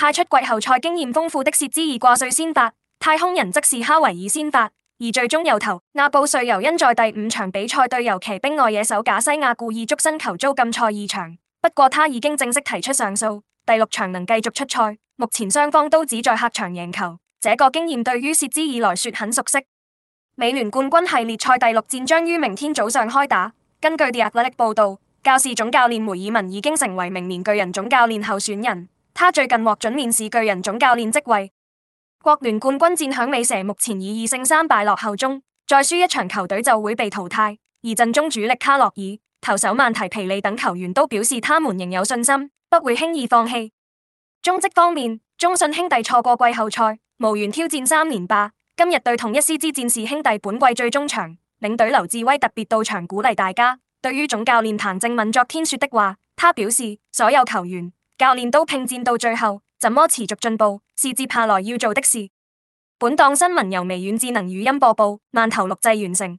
派出季後賽經驗豐富嘅薛茲爾掛帥先發，太空人則是哈維爾先發，而最終由頭阿布瑞尤因在第五場比賽對遊騎兵外野手賈西亞故意捉身球遭禁賽二場，不過他已經正式提出上訴，第六場能繼續出賽。目前雙方都只在客場贏球，這個經驗對於薛茲爾來說很熟悉。美聯冠軍系列賽第六戰將於明天早上開打，根據 The Athletic 報道，教士總教練梅爾文已經成為明年巨人總教練候選人。他最近獲准面試巨人總教練職位。國聯冠軍戰響尾蛇目前以二勝三敗落後中，再輸一場球隊就會被淘汰。而陣中主力卡洛爾、投手曼提皮利等球員都表示，他們仍有信心，不會輕易放棄。中職方面，中信兄弟錯過季後賽，無緣挑戰三連霸。今日對統一獅之戰是兄弟，本季最終場領隊劉志威特別到場鼓勵大家。對於總教練譚正敏昨天說的話，他表示所有球員，教練都拼戰到最後，怎麼持續進步是接下來要做的事。本檔新聞由微軟智能語音播報，饅頭錄製完成。